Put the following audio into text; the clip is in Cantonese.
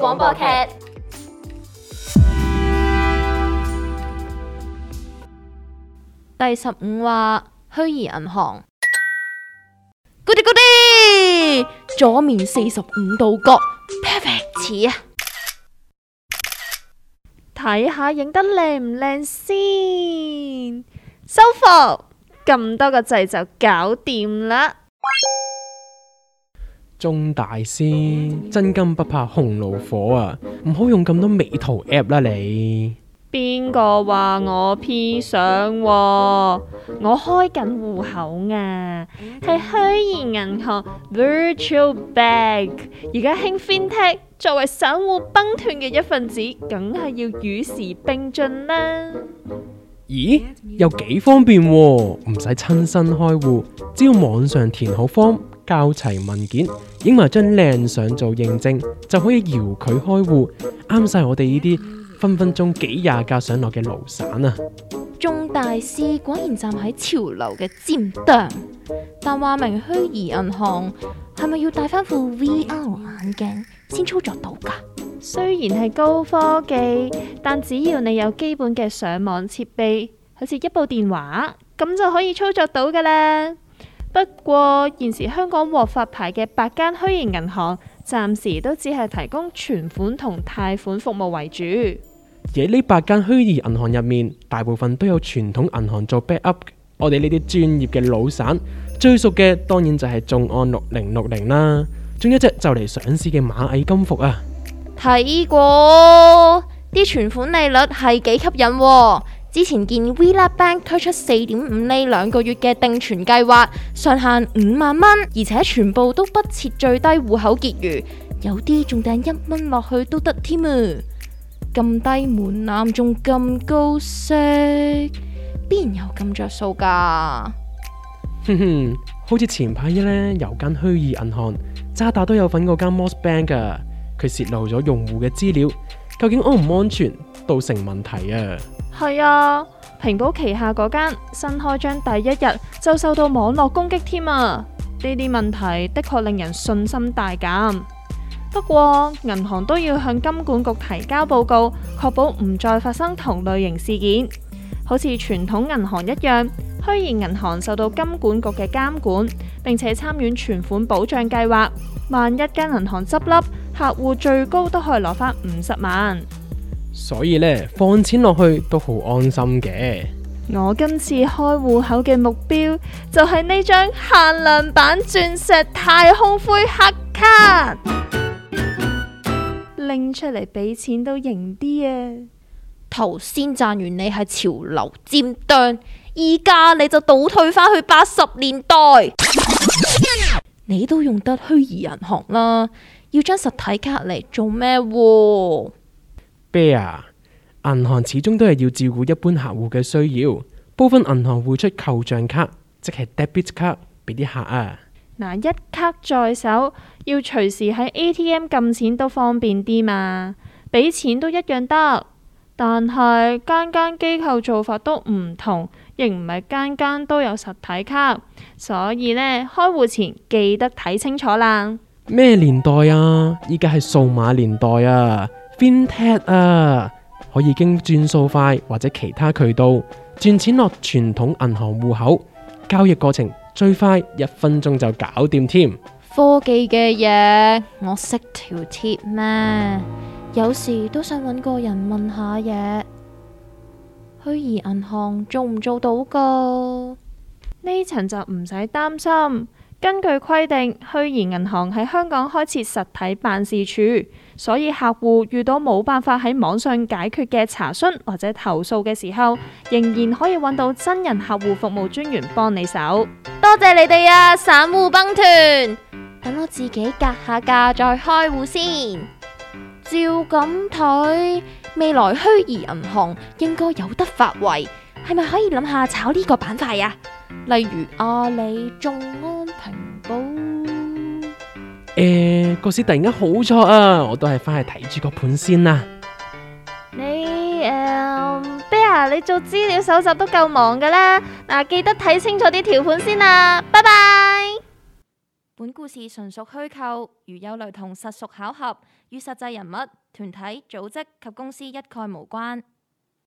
廣播劇第十五話，虛擬銀行。Goodie，goodie，左面四十五度角，perfect，似啊像。睇下影得靚唔靚先，收貨。咁多個掣就搞掂啦。鍾大師，真金不怕紅爐火啊！唔好用咁多美圖 app 啦、啊，你邊個話我 P 相、啊？我開緊戶口啊，係虛擬銀行 Virtual Bank。而家興 FinTech，作為散戶乓團嘅一份子，梗係要與時並進啦、啊。咦？又幾方便喎、啊，唔使親身開戶，只要網上填好 form。教齊文件，影埋張靚相做認證，就可以搖佢開戶，啱晒我哋呢啲分分鐘幾廿架上落嘅勞散啊！鐘大師果然站喺潮流嘅尖端，但話明虛擬銀行係咪要戴翻副 V R 眼鏡先操作到噶？雖然係高科技，但只要你有基本嘅上網設備，好似一部電話，咁就可以操作到噶啦。不過現時香港獲發牌嘅八間虛擬銀行，暫時都只係提供存款同貸款服務為主。而喺呢八間虛擬銀行入面，大部分都有傳統銀行做 backup。我哋呢啲專業嘅老散最熟嘅，當然就係眾安六零六零啦。仲有一隻就嚟上市嘅螞蟻金服啊！睇過啲存款利率係幾吸引。之前見 WeLab Bank 推出四點五厘兩個月嘅定存計劃，上限五萬蚊，而且全部都不設最低戶口結餘，有啲仲掟一蚊落去都得添啊！咁低門檻，仲咁高息，邊有咁着數噶？哼哼， 好似前排咧，有間虛擬銀行渣打都有份嗰間 Moss Bank 噶、啊，佢泄露咗用戶嘅資料。究竟安唔安全到成問題啊！係啊，平保旗下嗰間新開張第一日就受到網絡攻擊添啊！呢啲問題的確令人信心大減。不過銀行都要向金管局提交報告，確保唔再發生同類型事件。好似傳統銀行一樣，虛擬銀行受到金管局嘅監管，並且參與存款保障計劃。萬一間銀行執笠？客戶最高都可以攞翻五十萬，所以呢，放錢落去都好安心嘅。我今次開戶口嘅目標就係呢張限量版鑽石太空灰黑卡，拎 出嚟俾錢都型啲啊！頭先讚完你係潮流尖端，而家你就倒退返去八十年代。 你都用得虛擬銀行啦，要張實體卡嚟做咩？Bear，銀行始終都係要照顧一般客戶嘅需要，部分銀行會出扣賬卡，即係 debit 卡俾啲客啊。嗱，一卡在手，要隨時喺 ATM 撳錢都方便啲嘛，俾錢都一樣得。但係間間機構做法都唔同，亦唔係間間都有實體卡，所以呢開戶前記得睇清楚啦。咩年代啊？依家係數碼年代啊，FinTech 啊，可以經轉數快或者其他渠道轉錢落傳統銀行戶口，交易過程最快一分鐘就搞掂添。科技嘅嘢，我識條鐵咩？有時都想搵個人問下嘢，虛擬銀行做唔做到噶？呢層就唔使擔心。根據規定，虛擬銀行喺香港開設實體辦事處，所以客戶遇到冇辦法喺網上解決嘅查詢或者投訴嘅時候，仍然可以揾到真人客戶服務專員幫你手。多謝你哋啊，散戶乓團。等我自己隔下價再開戶先。照咁睇，未來虛擬銀行應該有得發圍，係咪可以諗下炒呢個板塊呀？例如阿里、眾安、平保。誒，個市突然間好錯啊！我都係返去睇住個盤先啦。你誒，Bear，你做資料搜集，都夠忙㗎啦，嗱，記得睇清楚啲條款先啦。拜拜。故事純屬虛構，如有雷同，實屬巧合，與實際人物、團體、組織及公司一概無關。